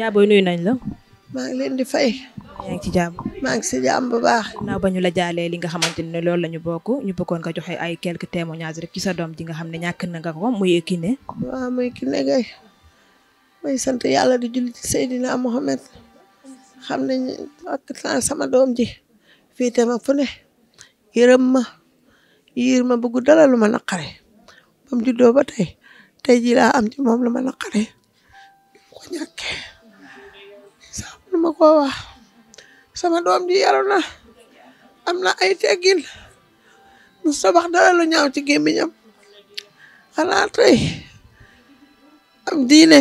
yaa booy nuyu nañ la. maa ngi leen di fay. yaa ngi ci jàmm. maa ngi si jàmm bu baax. naaw ba ñu la jaalee li nga xamante ne loolu la ñu bokk ñu bëggoon nga joxe ay quelques témoignages rek ci sa doom ji nga xam ne ñàkk na nga ko muy Kiné. waaw muy Kiné Gaye may sant yàlla di julli ci Seydina Mohamed xam nañ ak sama doom ji fii te ma fu ne yërëm ma yiir ma bëgg dara lu ma naqare ba mu juddoo ba tey tey jii laa am ci moom lu ma naqare ko ñàkkee. koo sama doom ji yaru na am na ay teggin mu sabax dara lu ñaaw ci gémmiñam xanaa tey am diine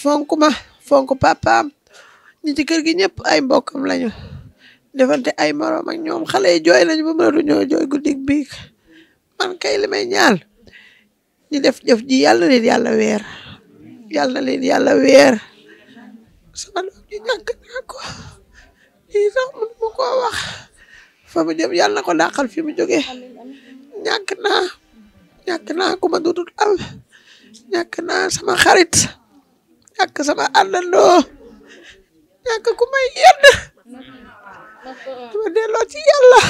fonk ma fonk papaam ñi ci kër gi ñëpp ay mbokkam lañu defante ay moroom ak ñoom xale yi jooy nañu ba mënatuñoo jooy guddig biig man kay li may ñaan ñi def jëf ji yàlla leen yàlla weer yàlla leen yàlla weer sama nag naa ko lii sax mënu ma koo wax fa mu jëm yàlla na ko dàqal fi mu jógee ñàkk naa ñàkk naa ku ma dudul al naa sama xarit ñàkk sama àndandoo ñàkk ku yedd dama delloo ci yàlla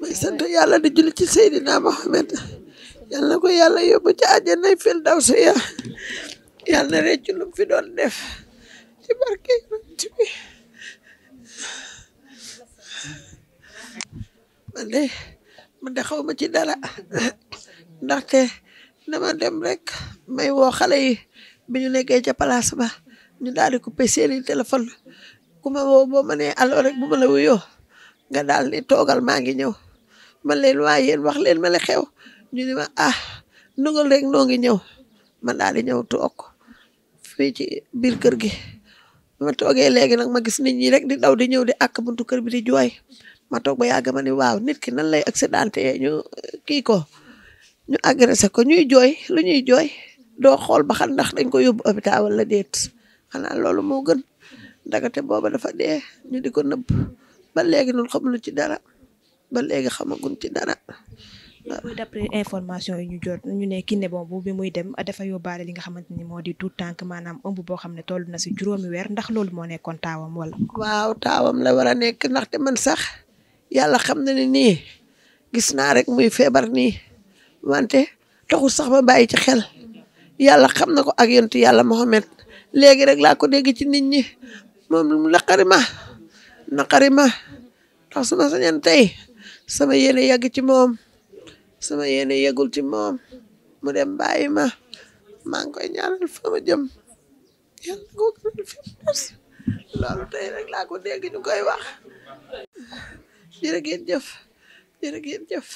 may sant yàlla di julli ci Seydina Mohamed yàlla na ko yàlla yóbbu ci àjjana fil dawsiya yàlla na rëccu lu fi doon def ci barke yonent bi man de man de xaw ma ci dara ndaxte dama dem rek may woo xale yi bi ñu nekkee ca place ba ñu daal di coupé seeni téléphone ku ma woo boo ma nee alors rek bu ma la wuyoo nga daal ni toogal maa ngi ñëw man leen waa yéen wax leen ma le xew ñu ne ma ah nungal rek noo ngi ñëw man daal ñëw toog fii ci biir kër gi ma toogee léegi nag ma gis nit ñi rek di daw di ñëw di àkk buntu kër bi di jooy ma toog ba yàgg ma ni waaw nit ki nan lay accidenté ñu kii ko ñu agressé ko ñuy jooy lu ñuy jooy doo xool ba xam ndax dañ ko yóbbu hôpital wala déet xanaa loolu moo gën ndagate booba dafa de ñu di ko nëbb ba léegi ñun xamuñu ci dara ba léegi xamaguñ ci dara Euh, information yi ñu jot ñu ne boobu bi muy dem dafa yóbbaale li nga xamante ni moo di tout tànk maanaam ëmb boo xam ne toll na si juróomi weer ndax loolu moo nekkoon taawam wala. waaw taawam la war a nekk ndaxte man sax yàlla xam na ne nii gis naa rek muy feebar nii wante taxul sax ma bàyyi ci xel yàlla xam na ko ak yontu yàlla Mohamed léegi rek laa ko dégg ci nit ñi moom naqari ma naqari ma ndax su ma sama yéene yàgg ci moom. sama yéene yegul ci moom mu dem bàyyi ma maa ngi koy ñaanal fa ma jëm loolu tey rek laa ko dégg ñu koy wax jërë ngeen jëf jërë ngeen jëf